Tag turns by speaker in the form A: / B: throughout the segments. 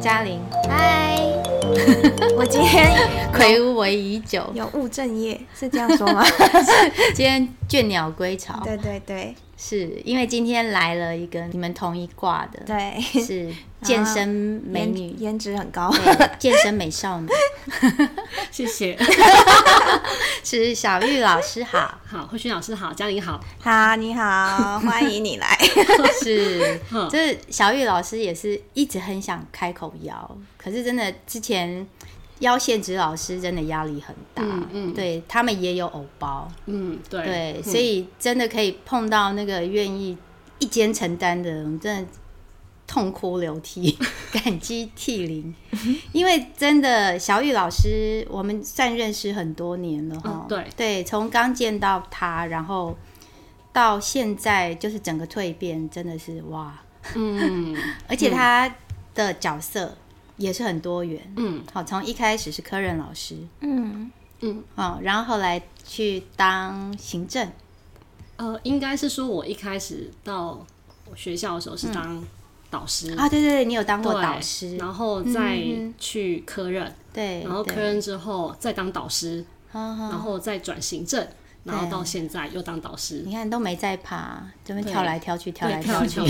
A: 嘉玲，嗨！ 我今天睽違已久，有務正業，是這樣說嗎？ 今天。倦鳥歸巢。對對對，是因為今天來了一個你們同一掛的，對，是健身美女，顏值很高，對，健身美少女。 謝謝。是小玉老師好，好慧勳老師好，嘉玲好。哈，你好，歡迎你來。 是，就是小玉老師也是一直很想開口邀，可是真的之前。腰職老師真的壓力很大，嗯，嗯，對他們也有偶包，嗯，對，對嗯，所以真的可以碰到那個願意一肩承擔的，人，真的痛哭流涕、 感激涕零， 因為真的小玉老師，我們算認識很多年了哈、嗯，對，對，從剛見到他，然後到現在就是整個蛻變，真的是哇，嗯， 而且他的角色。嗯也是很多元，嗯，好，從一開始是科任老師，嗯嗯，好，然後後來去當行政，呃，應該是說，我一開始到學校的時候是當導師、嗯、啊，對對對，你有當過導師，
B: 然後再去科任，
A: 對、嗯嗯，然後科任
B: 之後再當導師，
A: 然後
B: 再轉行政。嗯然後到現在又當導師，你看都沒在
A: 怕，這邊跳來跳去，跳來跳去，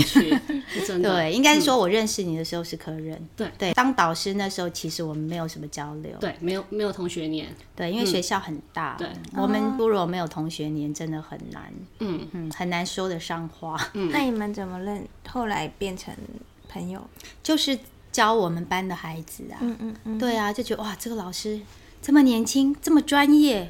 A: 對， 對應該是說我認識你的時候是科任，對、嗯、對，當導師那時候其實我們沒有什麼交流，對，
B: 沒有沒有同學年，
A: 對，因為學校很大，嗯、對，我們如果沒有同學年真的很難，嗯嗯，很難說得上話。那你們怎麼認？後來變成朋友，就是教我們班的孩子啊，嗯嗯，嗯，對啊，就覺得哇，這個老師這麼年輕，這麼專業。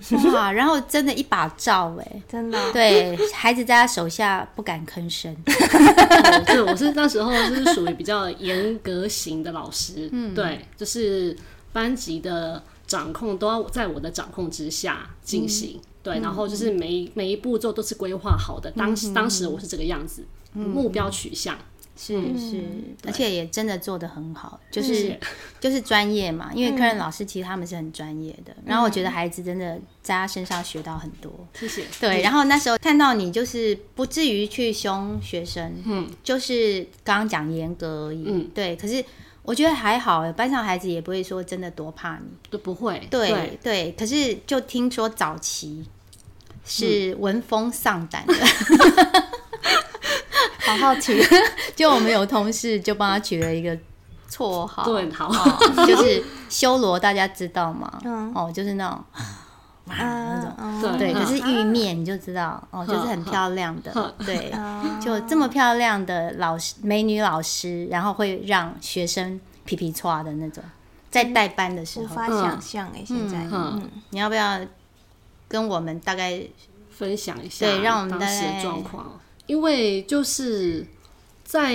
A: 哇，然後真的一把罩哎，真的、啊、對，孩子在他手下不敢吭聲。
B: 我 是我是那時候就是屬於比較嚴格型的老師、嗯，對，就是班級的掌控都要在我的掌控之下進行、嗯，對，然後就是每嗯嗯每一步驟都是規劃
A: 好的。當時當時我是這個樣子，嗯嗯嗯目標取向。是是、嗯，而且也真的做得很好，就是、嗯、是就是專業嘛，因為科任老師其實他們是很專業的、嗯，然後我覺得孩子真的在他身上學到很多，謝、嗯、謝。對，然後那時候看到你就是不至於去凶學生，嗯，就是剛剛講嚴格而已、嗯，對。可是我覺得還好，班上孩子也不會說真的多怕你，都不會。對對，對，可是就聽說早期是聞風喪膽的。嗯 好好奇， 就我們有同事就幫他取了一個綽號，對，好，好， 就是修羅，大家知道嗎？嗯、哦，就是那種哇、啊啊、那種，對，啊、可是玉面你就知道、啊、哦，就是很漂亮的，對、啊，就這麼漂亮的老師，美女老師，然後會讓學生皮皮剉的那種，在帶班的時候，無法、嗯、想象哎、欸嗯，現在嗯嗯嗯嗯，嗯，你要不要跟我們大概分享一下？對，讓我們的狀
B: 因為就是在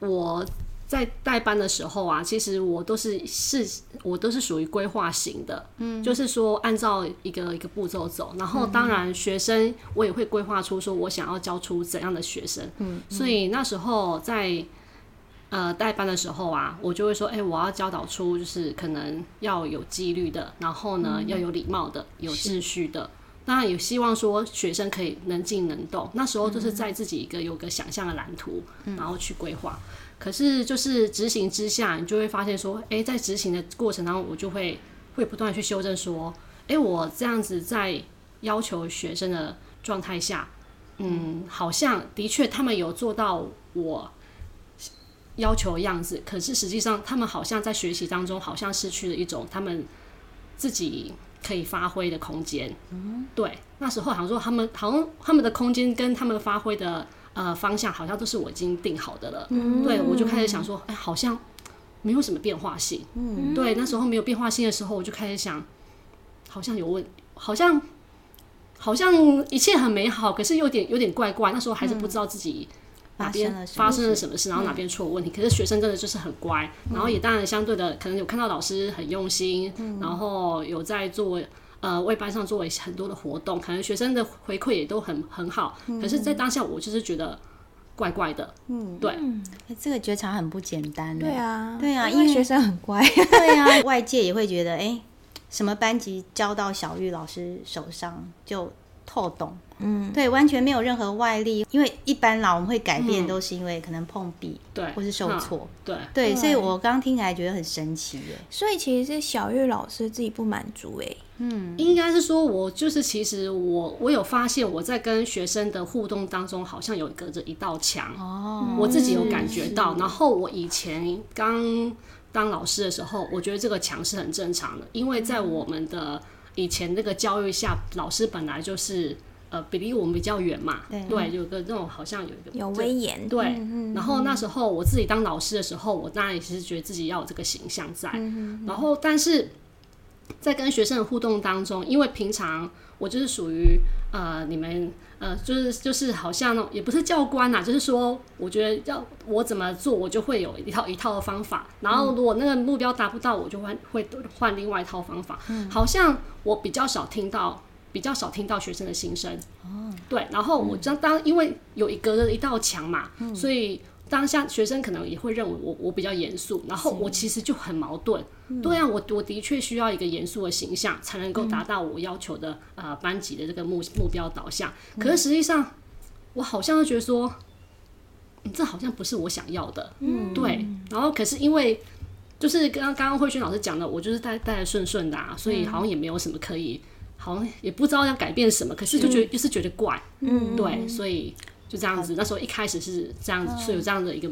B: 我在帶班的時候啊，其實我都是是，我都是屬於規劃型的，嗯，就是說按照一個一個步驟走，然後當然學生我也會規劃出說我想要教出怎樣的學生，嗯，嗯，所以那時候在呃帶班的時候啊，我就會說，哎、欸，我要教導出就是可能要有紀律的，然後呢、嗯、要有禮貌的，有秩序的。當然也希望說學生可以能靜能動，那時候就是在自己一個有個想象的藍圖，嗯、然後去規劃。可是就是執行之下，你就會發現說，誒、欸，在執行的過程當中，我就會會不斷去修正說，誒、欸，我這樣子在要求學生的狀態下，嗯，好像的確他們有做到我要求的樣子，可是實際上他們好像在學習當中，好像失去了一種他們自己，可以發揮的空間，嗯，對，那時候好像說他們好像他們的空間跟他們發揮的呃方向好像都是我已經定好的了，嗯，對，我就開始想說，哎，欸，好像沒有什麼變化性，嗯，對，那時候沒有變化性的時候，我就開始想，好像有問，好像好像一切很美好，可是有點有點怪怪，那時候還是不知道自己。嗯哪邊發生了什麼事，麼事嗯、然後哪邊出了問題？可是學生真的就是很乖，嗯，然後也當然相對的，可能有看到老師很用心，嗯、然後有在做呃為班上做很多的活動，可能學生的回饋也都很很好。嗯、
A: 可是，在當
B: 下我就是覺得怪怪的，嗯，
A: 對，欸、這個覺察很不簡單，對啊，對啊，因為，因為學生很乖， 對啊，外界也會覺得，哎、欸，什麼班級交到小玉老師手上就。透懂，嗯，對，完全沒有任何外力，因為一般啦，我們會改變都是因為可能碰壁，嗯，對，或是受挫，對，
B: 嗯、對，對，所以我
A: 剛剛聽起來覺得很神奇耶。所以其實是小月老師自己不滿足哎，
B: 嗯，
A: 應該是說我就是其實我我有發現我在跟學生的互
B: 動當中好像有隔着一道牆哦，
A: 我自己有感
B: 覺到。然後我以前剛當老師的時候，我覺得這個牆是很正常的，因為在我們的。以前那個教育下，老師本來就是呃，比離我們比較遠嘛，對，有個那種好像有一個有威嚴，對，嗯嗯嗯。然後那時候我自己當老師的時候，我當然也是覺得自己要有這個形象在。嗯嗯嗯。然後但是在跟學生的互動當中，因為平常我就是屬於呃，你們。呃，就是就是好像那種也不是教官啦，啊，就是說，我覺得要我怎麼做，我就會有一套一套的方法。然後如果那個目標達不到，我就會換會換另外一套方法。嗯，好像我比較少聽到，比較少聽到學生的心聲。哦，對，然後我將當、嗯、因為有一隔的一道牆嘛，嗯、所以。當下學生可能也會認為我我比較嚴肅，然後我其實就很矛盾。嗯、對呀、啊，我我的確需要一個嚴肅的形象，才能夠達到我要求的啊、嗯呃，班級的這個目目標導向、嗯。可是實際上，我好像又覺得說、嗯，這好像不是我想要的。嗯，對。然後可是因為就是剛剛剛剛慧老師講的，我就是帶帶順順的，順順的、啊，所以好像也沒有什麼可以、嗯，好像也不知道要改變什麼。可是就覺得、嗯、就是覺得怪，嗯，
A: 對，
B: 所以。就這樣子，那時候一開始是這樣子，嗯、所以有這樣的一個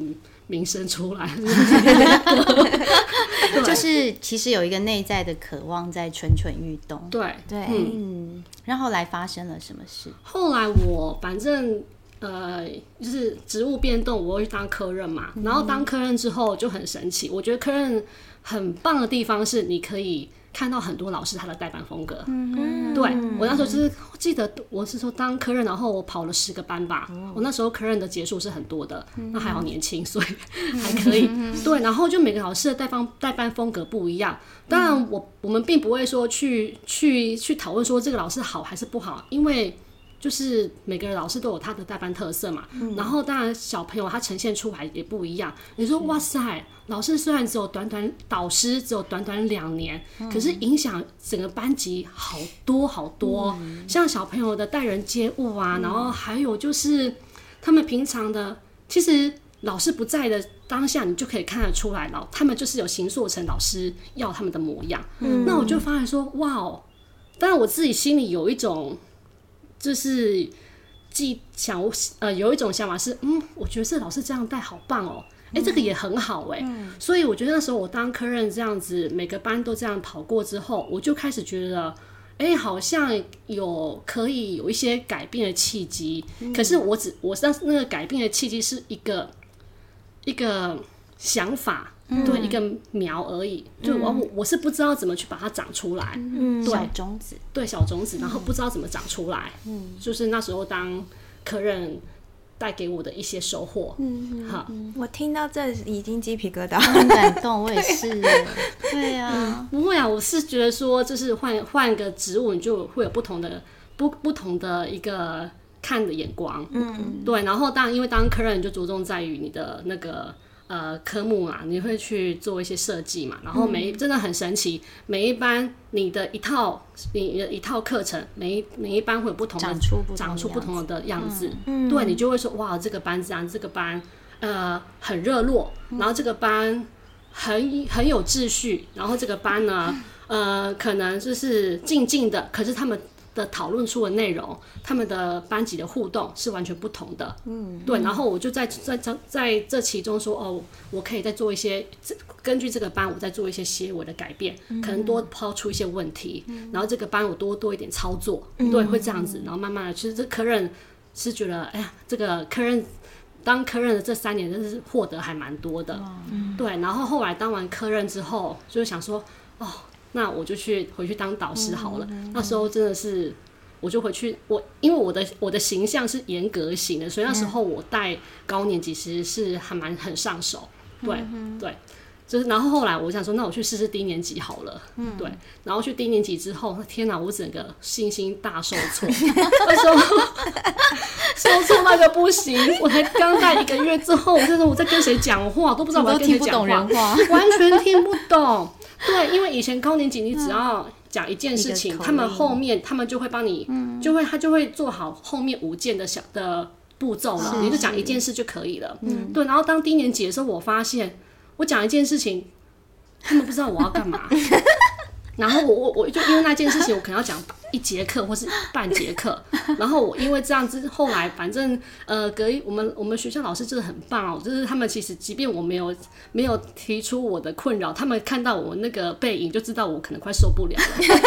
B: 名聲出來、嗯
A: 就是其實有一個內在的渴望在蠢蠢欲動。對對，嗯對。然後來發生了什麼事？嗯、
B: 後來我反正呃，就是職務變動，我會去當科任嘛。然後當科任之後就很神奇，嗯、我覺得科任很棒的地方是你可以。看到很多老師他的帶班風格，uh -huh. 對我那時候就是記得我是說當科任，然後我跑了十個班吧。Uh -huh. 我那時候科任的節數是很多的，那、uh -huh. 還好年輕，所以還可以。Uh -huh. 對，然後就每個老師的帶班帶班風格不一樣，當然我、uh -huh. 我們並不會說去去去討論說這個老師好還是不好，因為就是每個老師都有他的帶班特色嘛。Uh -huh. 然後當然小朋友他呈現出來也不一樣。Uh -huh. 你說哇塞。Uh -huh. 老師雖然只有短短，導師只有短短兩年、嗯，可是影響整個班級好多好多。嗯、像小朋友的待人接物啊、嗯，然後還有就是他們平常的，其實老師不在的當下，你就可以看得出來了，了他們就是有形塑成老師要他們的模樣。嗯、那我就發現說，哇哦！當然我自己心裡有一種，就是既想我呃有一種想法是，嗯，我覺得這老師這樣帶好棒哦。哎、欸，這個也很好哎、欸嗯嗯，所以我覺得那時候我當科任這樣子，每個班都這樣跑過之後，我就開始覺得，哎、欸，好像有可以有一些改變的契機、嗯。可是我只我當時那個改變的契機是一個一個想法、嗯，對，一個苗而已。嗯、就我、嗯、我是不知道怎麼去把它長出來，嗯，對，小種子，對，小種子，然後不知道怎麼長出來，嗯、就是那時候當科任。帶給我的一些收穫，嗯好、嗯，我聽到這已經雞皮疙瘩、嗯，很感
A: 動，我也是， 對啊，
B: 對啊嗯、不會啊，我是覺得說，就是換換個職務，你就會有不同的不不同的一個看的眼光，嗯，對，然後當因為當客人，你就着重在於你的那個。呃，科目嘛，你會去做一些設計嘛，然後每真的很神奇、嗯，每一班你的一套你的一套課程，每一每一班會有不同的長出不同的樣子樣子，嗯、對你就會說，哇，這個班這樣，這個班呃很熱絡、嗯，然後這個班很很有秩序，然後這個班呢、嗯、呃可能就是靜靜的，可是他們的討論出的內容，他們的班級的互動是完全不同的。嗯，對。然後我就在在在這其中說，哦，我可以再做一些，根據這個班，我再做一些些微的改變，嗯、可能多拋出一些問題、嗯，然後這個班我多多一點操作、嗯，對，會這樣子。然後慢慢的，其實這科任是覺得，哎呀，這個科任當科任的這三年真是獲得還蠻多的。嗯，對。然後後來當完科任之後，就是想說，哦。那我就去回去當導師好了。嗯哼嗯哼。那時候真的是，我就回去，我因為我的我的形象是嚴格型的、嗯，所以那時候我帶高年級其實是還蠻很上手。對、嗯、對，就是。然後後來我想說，那我去試試低年級好了、嗯。對。然後去低年級之後，天哪，我整個信心大受挫。那時候受挫那個不行。我才剛帶一個月之後，我在說我在跟誰講話都不知道我跟，我都聽不懂人話，完全聽不懂。對，因為以前高年級你只要講一件事情，嗯，他們後面他們就會幫你，就會、嗯、他就會做好後面五件的小的步驟了，你就講一件事就可以了。對，然後當低年級的時候，我發現我講一件事情，嗯，他們不知道我要幹嘛。 然後我我我就因為那件事情，我可能要講一節課或是半節課。 然後我因為這樣子，後來反正呃，隔一我們我們學校老師真的很棒哦，就是他們其實即便我沒有沒有提出我的困擾，他們看到我那個背影就知道我可能快受不了了。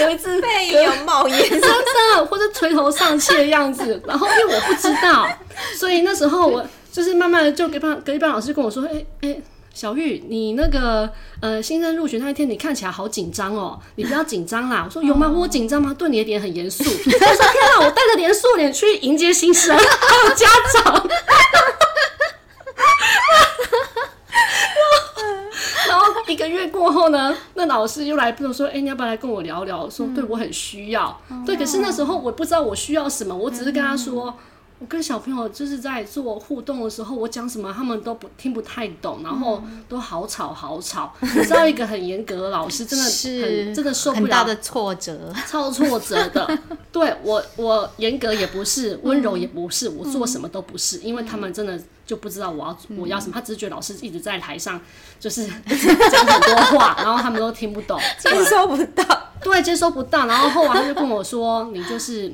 B: 有 一次背影有冒煙，真的，或者垂頭喪氣的樣子？ 然後因為我不知道，所以那時候我就是慢慢的就跟班隔一班老師跟我說：“哎、欸、哎。欸”小玉，你那個呃新生入學那一天，你看起來好緊張哦，你不要緊張啦。我說、嗯、有嗎？我緊張嗎？對你的臉很嚴肅。他 說天哪、啊，我帶着嚴肅臉去迎接新生還有家長 然。然後一個月過後呢，那老師又來跟我說，哎、欸，你要不要來跟我聊聊？說對我很需要、嗯。對，可是那時候我不知道我需要什麼，我只是跟他說。嗯我跟小朋友就是在做互動的時候，我講什麼他們都不聽不太懂，然後都好吵好吵。你知道一個很嚴格的老師，真的很是真的受不了的挫折，超挫折的。 對我，我嚴格也不是，溫柔也不是、嗯，我做什麼都不是，因為他們真的就不知道我要、嗯、我要什麼。他只是覺得老師一直在台上就是講很多話， 然後他們都聽不懂，接收不到，對，接收不到。然後後來他就跟我說：“ 你就是。”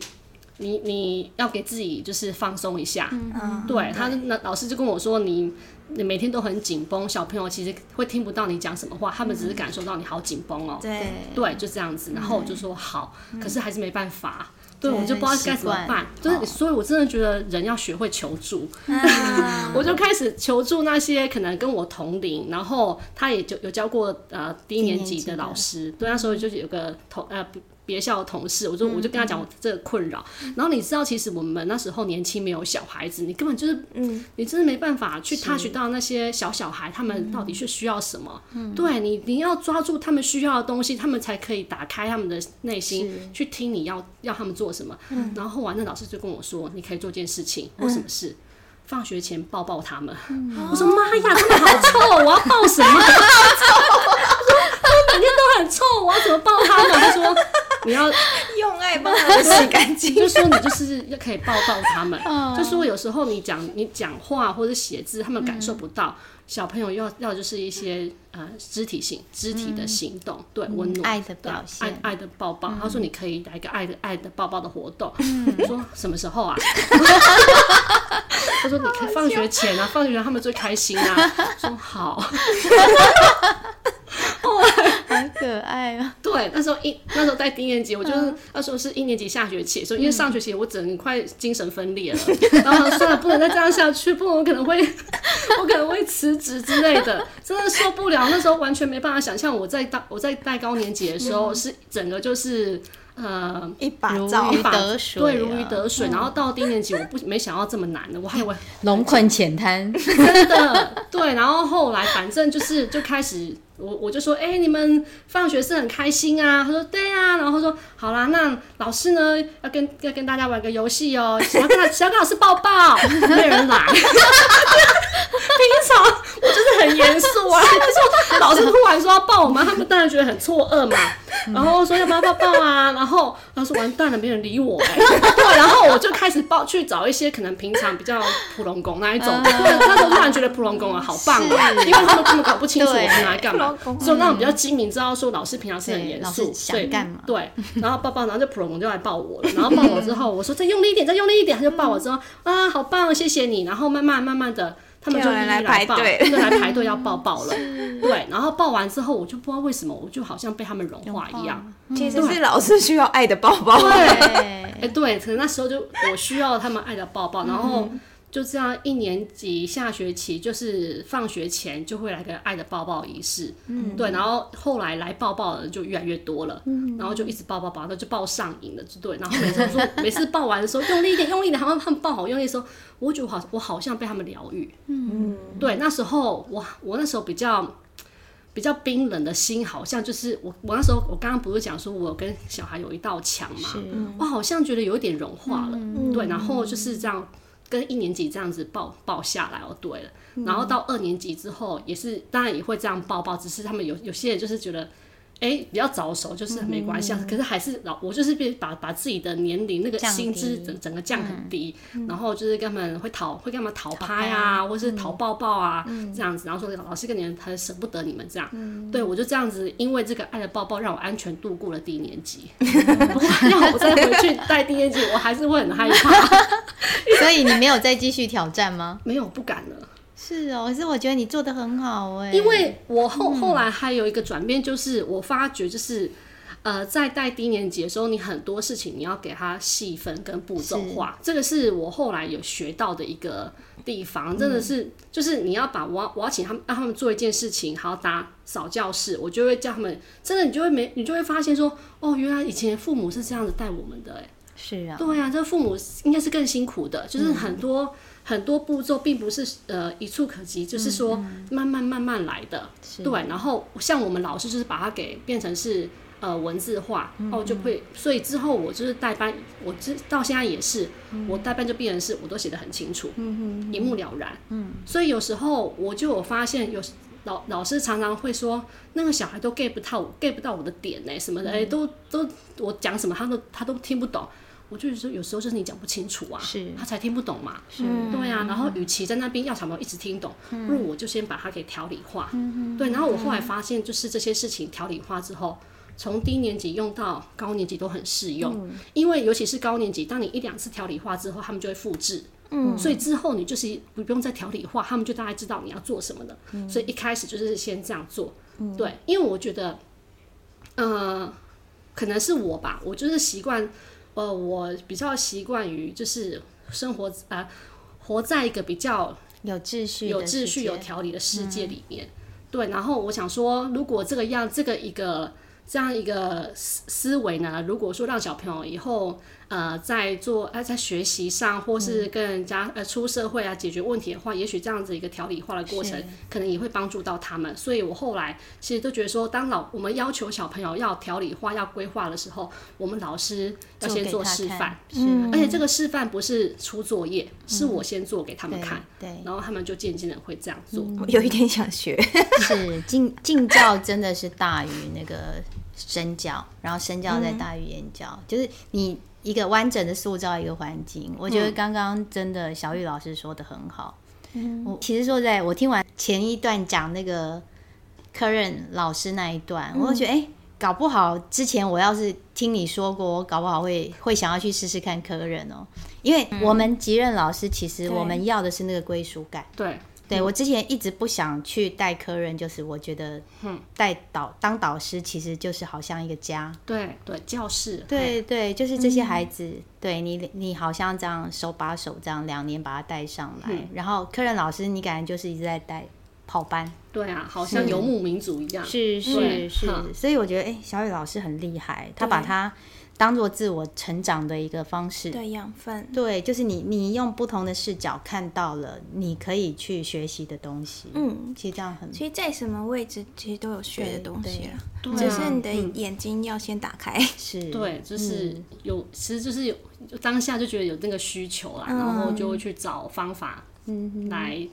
B: 你你要給自己就是放鬆一下，嗯、對、嗯、他那老師就跟我說，你你每天都很緊繃，小朋友其實會聽不到你講什麼話、嗯，他們只是感受到你好緊繃哦。對對，就這樣子。然後我就說好，可是還是沒辦法。嗯、對，
A: 對，我就不知道該怎麼辦。
B: 就是，所以我真的覺得人要學會求助。 啊、 我就開始求助那些可能跟我同齡，然後他也就有教過呃低年級的老師。對，那時候就是有個同呃。別校的同事，我就我就跟他講我這個困擾、嗯嗯，然後你知道其實我們那時候年輕沒有小孩子，嗯、你根本就是、嗯、你真的沒辦法去 touch 到那些小小孩他們到底是需要什麼，嗯嗯、對你你要抓住他們需要的東西，他們才可以打開他們的內心去聽你要要他們做什麼，嗯、然後完了老師就跟我說，你可以做件事情，嗯、或什麼事、嗯？放學前抱抱他們，嗯、我說媽、哦、呀，他們好臭， 我要抱什麼？
A: 洗乾淨， 就
B: 是說你就是要可以抱抱他們，oh. 就是說有時候你講你講話或者寫字，他們感受不到。小朋友要要就是一些呃肢體性肢體的行動，mm. 對溫暖、嗯、愛的表現，愛，愛的抱抱、嗯。他說你可以來一個愛的愛的抱抱的活動。Mm. 我說什麼時候啊？他 說你可以放學前啊， 放學前他們最開心啊。 說好。 可愛啊！對，那時候一那時候在低年級，嗯、我就是那時候是一年級下學期，所以因為上學期我整快精神分裂了，嗯、然後算了，不能再這樣下去，不然我可能會，我可能會辭職之類的，真的受不了。那時候完全沒辦法想象，我在當我在帶高年級的時候，是整個就是、嗯呃、一把如魚得水、啊，對，如魚得水、嗯。然後到低年級，我不沒想到這麼難的，我還以為
A: 龍困淺灘， 真
B: 的對。然後後來反正就是就開始，我我就說，哎、欸，你們放學是很開心啊？他說，對啊，然後他說，好啦，那老師呢，要跟要跟大家玩個遊戲哦，想要跟他，想要跟老師抱抱，沒有人來。平常我就是、啊、 真的很嚴肅啊，他說，老師突然說要抱我嗎？ 他們當然覺得很錯愕嘛、嗯，然後說要不要抱，抱啊，然後他說完蛋了，沒人理我哎、欸， 對，然後我就開始抱 去找一些可能平常比較普攏貢那一種，他 們對 突然覺得普攏貢啊好棒啊，因為他們根本搞不清楚我是拿來幹嘛，說、嗯、那種比較精明，知道說老師平常是很嚴肅，對幹嘛對？對，然後抱抱，然後就普攏貢就來抱我了，然後，我 然後抱我之後，我說再用一點 再用力一點，再用力一點，他就抱我之後 啊，好棒，謝謝你，然後慢慢慢慢的。他們就一一來，抱來，來排隊，來排隊要抱抱
A: 了。
B: 對，然後抱完之後，我就不知道為什麼，我就好像被他們融化一樣。嗯、其實是老
A: 師需要愛的抱抱
B: 對。對，哎、 欸，對，可能那時候就我需要他們愛的抱抱，然後。嗯就這樣，一年級下學期就是放學前就會來個愛的抱抱儀式，嗯嗯，對，然後後來來抱抱的人就越來越多了，嗯，然後就一直抱抱抱，那就抱上癮了，就對。然後每次說 每次抱完的時候用力一點，用力一點，他們他們抱好用力的時候，我覺得我好，我好像被他們療癒，
A: 嗯，對。
B: 那時候我我那時候比較比較冰冷的心，好像就是我我那時候我剛剛不是講說我跟小孩有一道牆嘛，我好像覺得有一點融化了，嗯嗯對，然後就是這樣。跟一年級這樣子抱抱下來哦，對了，然後到二年級之後也是、嗯，當然也會這樣抱抱，只是他們有有些人就是覺得，哎、欸，比較早熟，就是沒關係、嗯，可是還是老我就是把把自己的年齡那個心智整整個降很低，嗯嗯、然後就是跟他們會討會幹嘛討拍、啊、拍啊，或是討抱抱啊這樣子、嗯，然後說老師跟你們很捨不得你們這樣，嗯、對我就這樣子，因為這個愛的抱抱讓我安全度過了一年級，嗯、 要我再回去帶一年級，我還是會很害怕。 所以你沒
A: 有再繼續挑戰嗎？沒有，不敢了。是哦、喔，可是我覺得你做得很好哎、欸。因為
B: 我後後來還有一個轉變、嗯，就是我發覺，就是呃，在帶低年級的時候，你很多事情你要給他細分跟步驟化，這個是我後來有學到的一個地方，嗯、真的是，就是你要把我要我要請他們讓他們做一件事情，然後打掃教室，我就會叫他們，真的你就會沒你就會發現說，哦，原來以前父母是這樣子帶我們的哎、欸。是啊，對呀、啊，這父母應該是更辛苦的，就是很多、嗯、很多步驟並不是呃一蹴可幾，就是說慢慢慢慢來的。嗯、對，然後像我們老師就是把它給變成是呃文字化、嗯，然後就會，所以之後我就是代班，我直到現在也是、嗯，我代班就變成是，我都寫得很清楚，嗯哼、嗯，一目了然，嗯，所以有時候我就有發現有老老師常常會說那個小孩都 get 不到 get 不到我的點哎，什麼的哎、嗯，都都我講什麼他都他都聽不懂。我就是說，有時候就是你講不清楚啊，是他才聽不懂嘛。是，對啊。然後，與其在那邊要小朋友一直聽懂，不、嗯、如我就先把它給條理化、嗯。對。然後我後來發現，就是這些事情條理化之後，從、嗯、低年級用到高年級都很適用、嗯。因為尤其是高年級，當你一兩次條理化之後，他們就會複製。嗯。所以之後你就是不用再條理化，他們就大概知道你要做什麼了、嗯。所以一開始就是先這樣做、嗯。對。因為我覺得，呃，可能是我吧，我就是習慣。呃，我比較習慣於就是生活啊，活在一個比較有秩序、有秩序、有條理的世界裡面。嗯。對，然後我想說，如果這個樣，這個一個這樣一個思思維呢，如果說讓小朋友以後。呃，在做呃，在學習上，或是跟人家呃出社會啊，解決問題的話，也許這樣子一個條理化的過程，可能也會幫助到他們。所以我後來其實都覺得說，當老我們要求小朋友要條理化、要規劃的時候，我們老師要先做示範，是，而且這個示範不是出作業，是我先做給他們看，對、嗯，然後他們就漸漸的會這樣做、嗯嗯。有一點
A: 想學， 是，境境教真的是大於那個身教，然後身教再大於言教、嗯，就是你。一個完整的塑造一個環境，嗯、我覺得剛剛真的小玉老師說的很好、嗯。我其實說，在我聽完前一段講那個科任老師那一段，嗯、我就覺得哎、欸，搞不好之前我要是聽你說過，我搞不好會會想要去試試看科任哦，因為我們級任老師其實我們要的是那個歸屬感。嗯、對。對對，我之前一直不想去帶科任，就是我覺得帶導、嗯、當導師其實就是好像一個家，對對教室，對對，對就是這些孩子，嗯、對你你好像這樣手把手這樣兩年把他帶上來、嗯，然後科任老師你感覺就是一直在帶跑班，對啊，好像游牧民族一樣，是是是，是，嗯是，是，所以我覺得哎、欸，小玉老師很厲害，他把他。當做自我成長的一個方式對，對養分，對，就是你你用不同的視角看到了，你可以去學習的東西，嗯，其實這樣很，其實，在什麼位置其實都有學的東西對，對，對、啊，只是你的眼睛要先打開，嗯、是，對，就是有，嗯、其實就是有當下就覺得有那個需求了、嗯，然後就會
B: 去找方法，嗯，來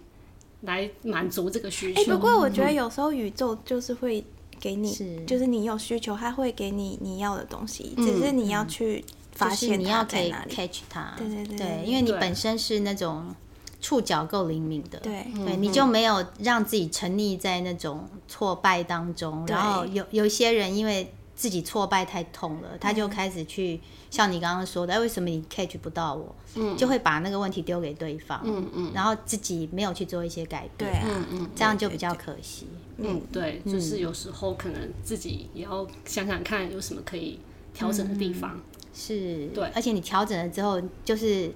B: 來滿足這個需求、欸。不過我覺得有
A: 時候宇宙就是會。給你是，就是你有需求，他會給你你要的東西，嗯，只是你要去發現它在哪裡。你要可以 catch 它，對對對，對，因為你本身是那種觸角夠靈敏的，對對，你就沒有讓自己沉溺在那種挫敗當中。然後有有一些人因為。自己挫敗太痛了，他就開始去像你剛剛說的、嗯，為什麼你 catch 不到我，嗯、就會把那個問題丟給對方、嗯嗯，然後自己沒有去做一些改變，嗯、這樣就比較可惜，嗯，嗯，對對對，嗯，對對對。嗯，對，就是有
B: 時候可能自己也要想想看有什麼可以
A: 調整的地方、嗯。是，對，而且你調整了之後，就是。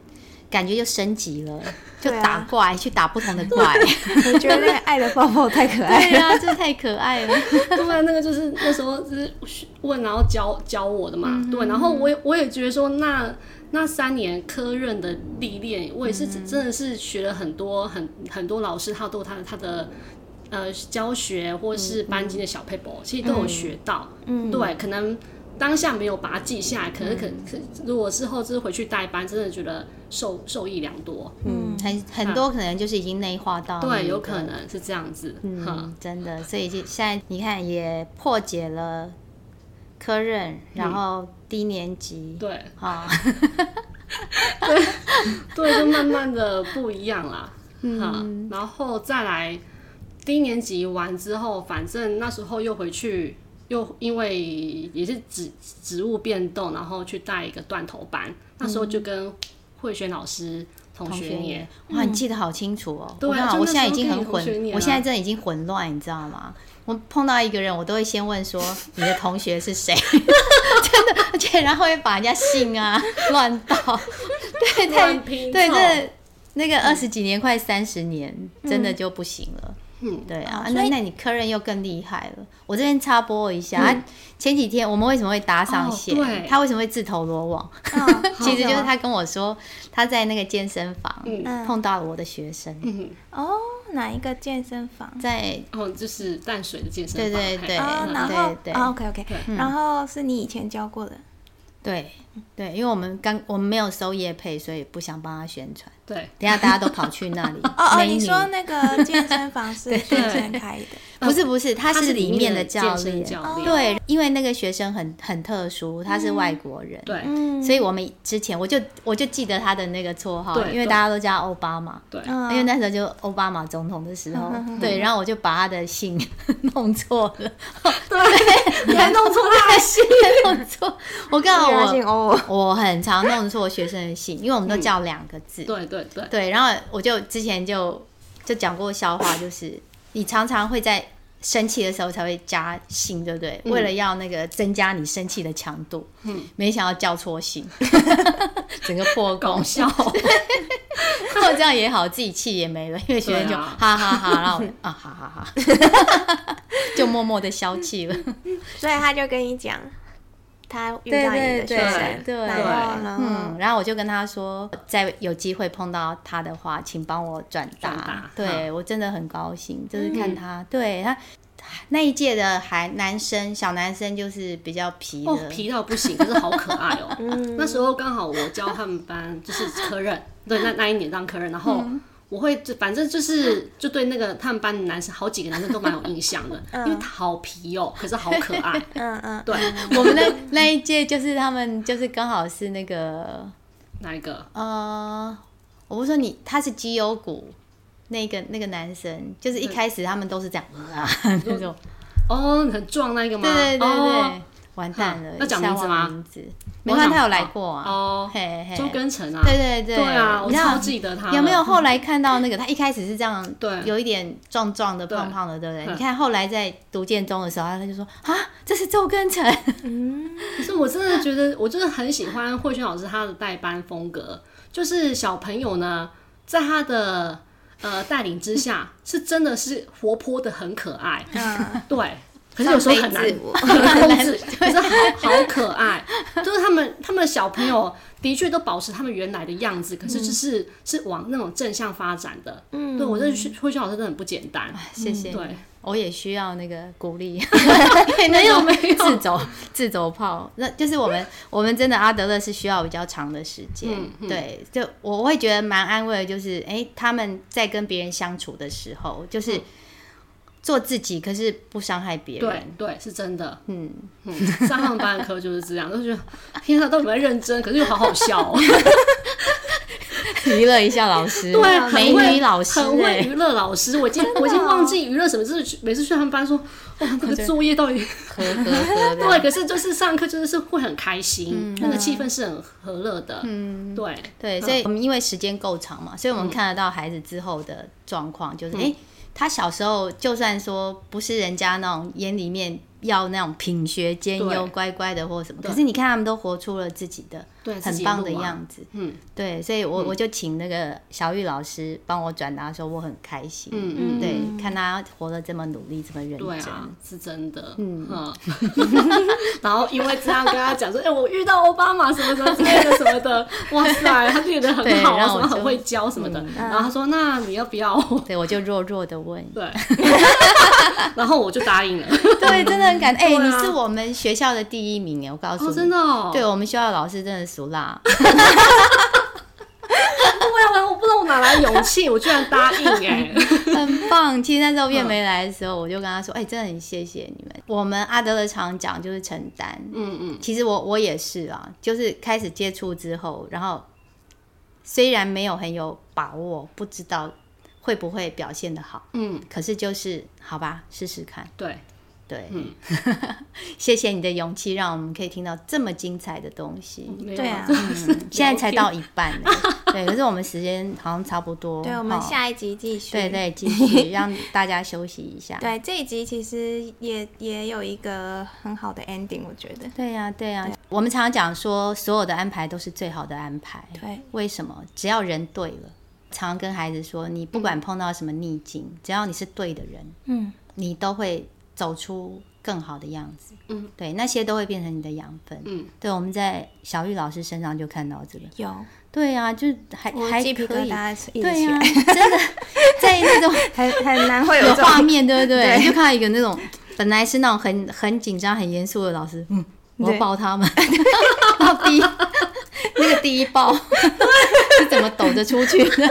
A: 感覺就升級了，就打怪去、啊、打不同的怪。我 覺得那個愛的抱抱太可愛了。對啊，這、 啊就
B: 是、太可愛了。對啊，那個就是那時候就是問然後教教我的嘛。嗯嗯對，然後我也我也覺得說那那三年科任的歷練，我也是真的是學了很多，嗯嗯很很多老師他都他的他的呃教學或是班經的小 paper、嗯嗯、其實都有學到。嗯，嗯，對，可能。當下沒有把它記下來，可是可可、嗯，如果之後就是回去代班，真的覺得受受益良多。
A: 嗯，很、啊、很多可能就是已經內化到、那個。對，有可能是這樣子。嗯，真的，所以現在你看也破解了科任、嗯，然後低年級。對、嗯、啊。對 對，就慢
B: 慢的不一樣啦。嗯。然後再來低年級完之後，反正那時候又回去。又因為也是植植物變動，然後去帶一個斷頭班、嗯，那時候就跟慧軒老師同學念、嗯、哇，你記
A: 得好清楚哦、喔。對啊，我，我現在已經很混，我現在真的已經混亂，你知道嗎？我碰到一個人，我都會先問說 你的同學是誰，真的，而且然後會把人家信啊亂到， 對，太對，那那個二十幾年快三十年，嗯，真的就不行了。嗯、對啊，那、啊、那你客人又更厲害了。我這邊插播一下，嗯啊、前幾天我們為什麼會搭上線、哦？他為什麼會自投羅網？嗯、 其實就是他跟我說，他在那個健身房碰到了我的學生。嗯嗯嗯嗯、哦，哪一個健身房？在哦，就
B: 是淡水的健身房。對對對，啊、對,對對。對對
A: 對啊、OK OK，對、嗯、然後是你以前教過的。對。對，因為我們剛我們沒有收業配，所以不想幫他宣傳。對，等下大家都跑去那裡。哦 哦，oh, oh, 你說那個健身房是宣傳開
B: 的？ 不是不是，他是裡面的教練、哦。
A: 對，因為那個學生很很特殊、嗯，他是外國人。對，所以我們之前我就我就記得他的那個綽號對，因為大家都叫奧巴馬對。對，因為那時候就奧巴馬總統的時候、哦。對，然後我就把他的姓弄錯了。 對，你還弄錯 他的姓還弄，弄錯。我剛好我姓歐。 我很常弄錯學生的姓，因為我們都叫兩個字、嗯。對對對。對，然後我就之前就就講過笑話，就話、就是 你常常會在生氣的時候才會加姓，對不對、嗯？為了要那個增加你生氣的強度。嗯。沒想到叫錯姓、嗯，整個破功，搞笑、喔。如 果這樣也好，自己氣也沒了，因為學生就、啊、哈、哈哈哈，然後啊哈哈哈， 就默默的消氣了。所以他就跟你講。他遇到對,對,對,對,對然後,對對然後嗯，然後我就跟他說，再有機會碰到他的話，請幫我轉達。對，我真的很高興，就是看他、嗯、對他那一屆的孩男生小男生就是比較皮的，哦、皮到不
B: 行，就是好可愛哦。 嗯、那時候剛好我教他們班就是科任，對，那那一年當科任，然後。嗯我會就反正就是就對那個他們班男生好幾個男生都蠻有印象的， 因為他好皮哦、喔，可是好可愛。嗯嗯，
A: 對， 我們那那一屆就是他們就是剛好是那個哪一個？呃，我不是說你，他是績優股那個那個男生，就是一開始他們都是這樣啊 那種，哦，很壯那個嘛？對對對、哦。完蛋了，要講名字嗎？
B: 名字，沒錯，他有來
A: 過啊。哦、啊，周根城啊，對對對，對啊，我超記得他。有沒有後來看到那個、嗯？他一開始是這樣，對，有一點壯壯的、胖胖的對對，對不對？你看後來在讀建中的時候，他就說啊，這是周根城。嗯，可是我
B: 真的覺得，我真的很喜歡慧萱老師他的代班風格， 就是小朋友呢，在他的呃帶領之下， 是真的是活潑的很可愛。啊、對。可是有時候很難呵呵很難控 可是好好可愛， 就是他們他們的小朋友的確都保持他們原來的樣子，可是就是、嗯、是往那種正向發展的。嗯，對我認為繪畫老師真的很不簡單，嗯、謝謝。我也
A: 需要那個鼓勵。沒有沒有自走 自走炮， 那就是我們 我們真的阿德勒是需要比較長的時間、嗯嗯。對，就我會覺得蠻安慰的，就是哎、欸、他們在跟別人相處的時候，就是。嗯做自己，可是不傷害別人。對
B: 對，是真的。
A: 嗯，
B: 嗯上他們班的課就是這樣， 都覺得平常、啊、都比較認真，可是又好好笑，
A: 娛 樂一下老師。對，美女老師、欸，很會娛
B: 樂老師。我已經、哦、我已經忘記娛樂什麼，就是每次去他們班說，哇，那個作業到底 合合。底對，可是就是上課就是是會很開心，嗯啊、那個氣氛是很和樂的。嗯，對
A: 嗯對，所以我們因為時間夠長嘛，所以我們看得到孩子之後的狀況、嗯，就是哎。欸他小時候，就算說不是人家那種眼裡面，要那種品學兼優、乖乖的或什麼，可是你看他們都活出了自己的很棒的樣子、啊。嗯，對，所以我、嗯、我就請那個小玉老師幫我轉達說我很開心。嗯嗯，對嗯，看他活得這麼努力，嗯嗯這麼努力啊，這麼認真，
B: 是真的。嗯，
A: 嗯 然後因為這樣跟他講說，哎
B: 欸，我遇到歐巴馬什麼什麼之類的什麼的， 哇塞，他覺得很好啊，什麼很會教什麼的。然後他說，啊、那你要不要？對，我就弱弱的問， 對， 然後我就答應了。
A: 對，真的。哎、嗯欸啊，你是我們學校的第一名哎！我告訴你、哦，真的、哦，對我們學校老師真的俗辣。 我呀，我不知道我哪來勇氣，我居然答應哎， 很棒。其實那照片沒來的時候，我就跟他說：“哎、嗯欸，真的很謝謝你們。”我們阿德的常講就是承擔，嗯嗯。其實我我也是啊，就是開始接觸之後，然後雖然沒有很有把握，不知道會不會表現得好，嗯，可是就是好吧，試試看，對。對，嗯、 謝謝你的勇氣，讓我們可以聽到這麼精彩的東西。嗯、對啊，嗯，現在才到一半呢。 對，可是我們時間好像差不多。對，我們下一集繼續。對對對，繼續 讓大家休息一下。對，這一集其實也也有一個很好的 ending，我覺得。對呀、啊，對呀、啊，我們常常講說，所有的安排都是最好的安排。對，為什麼？只要人對了，常常跟孩子說，你不管碰到什麼逆境，嗯、只要你是對的人，嗯，你都會。走出更好的樣子，嗯，對，那些都會變成你的養分，嗯，對。我們在小玉老師身上就看到這個，有，對啊，就是還還可以，可以，對啊，真的在 那種很很難會有畫面，對不對？對你就看到一個那種本來是那種很很緊張、很嚴肅的老師，嗯，我抱他們， 第一 那個第一抱 是怎麼抖着出去呢？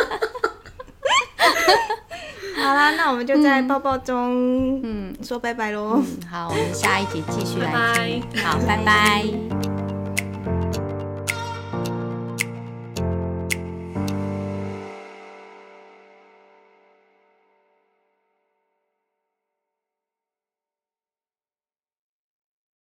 A: 好啦，那我們就在抱抱中，嗯，說拜拜嘍，嗯。好，我們下一集繼續來聽。拜拜。好，拜拜。拜拜。